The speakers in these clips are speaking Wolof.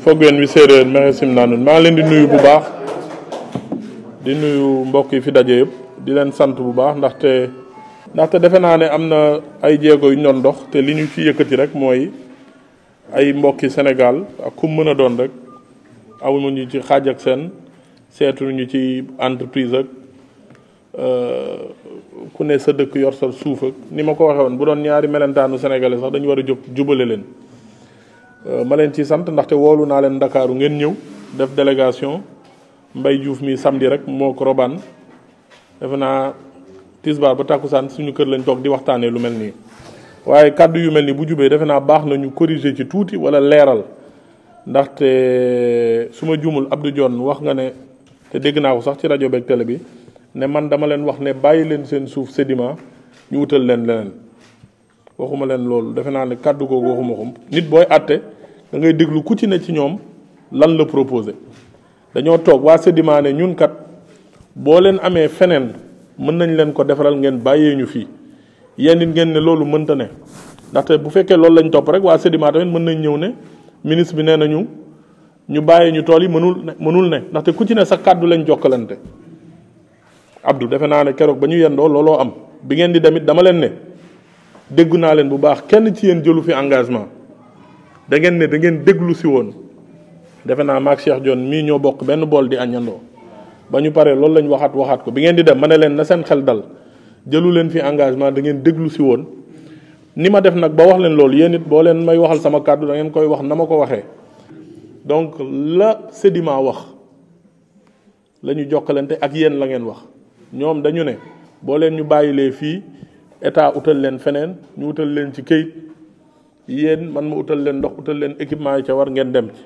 foggeen wi séeréer maxesim naa nun maa leen di nuyu bu baax di nuyu mbokk yi fi daje yëpp di leen sant bu baax ndaxte ndaxte defe naa ne am na ay jéego yu ñu dox te li ñu ci yëkkati rek mooy ay mbokki Sénégal ak ku mën a doon rek amuñu ñu ci xaaj ak seen seetuñu ci entreprise ak euh, ku ne sa dëkk yor sa suuf ak ni ma ko waxee woon bu doon ñaari mellentaanu sénégalais sax dañu war a jóg jubale leen Euh, ma leen ci sant ndaxte woolu naa leen ndakaaru ngeen ñëw def délégation mbay Diouf mi samdi rek moo ko robaan defe naa tisbaar ba tàkkusaan suñu kër lañ toog di waxtaanee lu mel nii waaye kàddu yu mel nii bu jubee defe naa baax na ñu corriger ci tuuti walla leeral ndaxte euh, su ma juumul Abdou Dione wax nga ne te dégg naa ko sax ci rajo beeg télé bi ne man dama leen wax ne bàyyi leen seen suuf sédiment ñu wutal leen leneen waxuma leen loolu defe naa ne kàddu googu waxuma ko nit booy àtte da ngay déglu ku ci ne ci ñoom lan la proposé dañoo toog waa Sedima ne ñun kat boo leen amee feneen mën nañ leen ko defaral ngeen bàyyee ñu fii yéen it ngeen ne loolu mënta ne ndaxte bu fekkee loolu lañ topp rek waa Sedima tamit mën nañ ñëw ne ministre bi nee nañu ñu bàyyee ñu tool yi mënul mënul ne ndaxte ku ci ne sa kàddu lañ jokkalante abdu defe naa ne keroog ba ñu yendoo looloo am bi ngeen di dama leen ne. déggu naa leen bu baax kenn ci yéen jëlu fi engagement da ngeen ne da ngeen déglu si woon defe naa maak Cheikh John mii ñoo bokk benn bool di añandoo ba ñu paree loolu lañ waxat waxat ko bi ngeen di dem ma ne leen na seen xel dal jëlu leen fi engagement da ngeen déglu si woon ni ma def nag ba wax leen loolu yéen it boo leen may waxal sama kàddu da ngeen koy wax na ma ko waxee donc la sédiment wax la ñu jokkalante ak yéen la ngeen wax ñoom dañu ne boo leen ñu bàyyilee fii état utal leen feneen ñu utal leen ci këyit yéen man ma utal leen ndox utal leen équipement yi ca war ngeen dem ci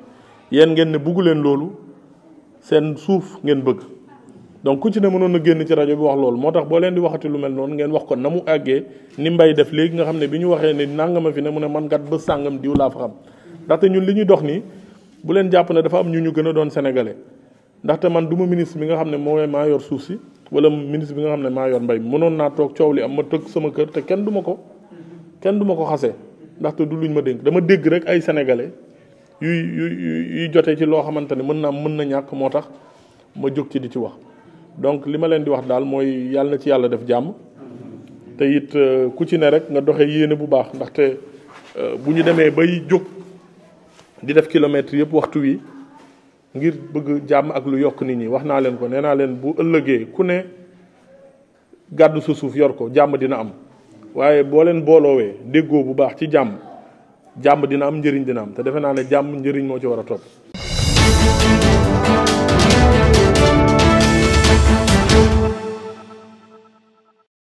yéen ngeen ne bugg leen loolu seen suuf ngeen bëgg donc ku ci ne mënoon a génn ci rajo bi wax loolu moo tax boo leen di waxati lu mel noonu ngeen wax ko na mu àggee ni mbay def léegi nga xam ne bi ñu waxee ne nangama fi ne mu ne man gat ba sàngam diw laa fa xam ndaxte ñun li ñuy dox nii bu leen jàpp ne dafa am ñu ñu gën a doon sénégalais ndaxte man du ma ministre bi nga xam ne moo maa yor suuf si wala ministre bi nga xam ne maa yor mbay mënoon naa toog coow li am ma toog sama kër te kenn du ma ko kenn du ma ko xase ndaxte du luñ ma dénk dama dégg rek ay sénégalais yuy yuy yuy jotee ci loo xamante ne mën naa mën na ñàkk moo tax ma jóg ci di ci wax donc li ma leen di wax daal mooy yàlla na ci yàlla def jàmm te it euh, ku ci ne rek nga doxe yéene bu baax ndaxte euh, bu ñu demee bay jóg di def kilomètre yëpp waxtu wi ngir bëgg jàmm ak lu yokk nit ñi wax naa leen ko nee naa leen bu ëllëgee ku ne gàddu sa suuf yor ko jàmm dina am waaye boo leen booloowee déggoo bu baax ci jàmm jàmm dina am njëriñ dina am te defe naa ne jàmm njëriñ moo ci war a topp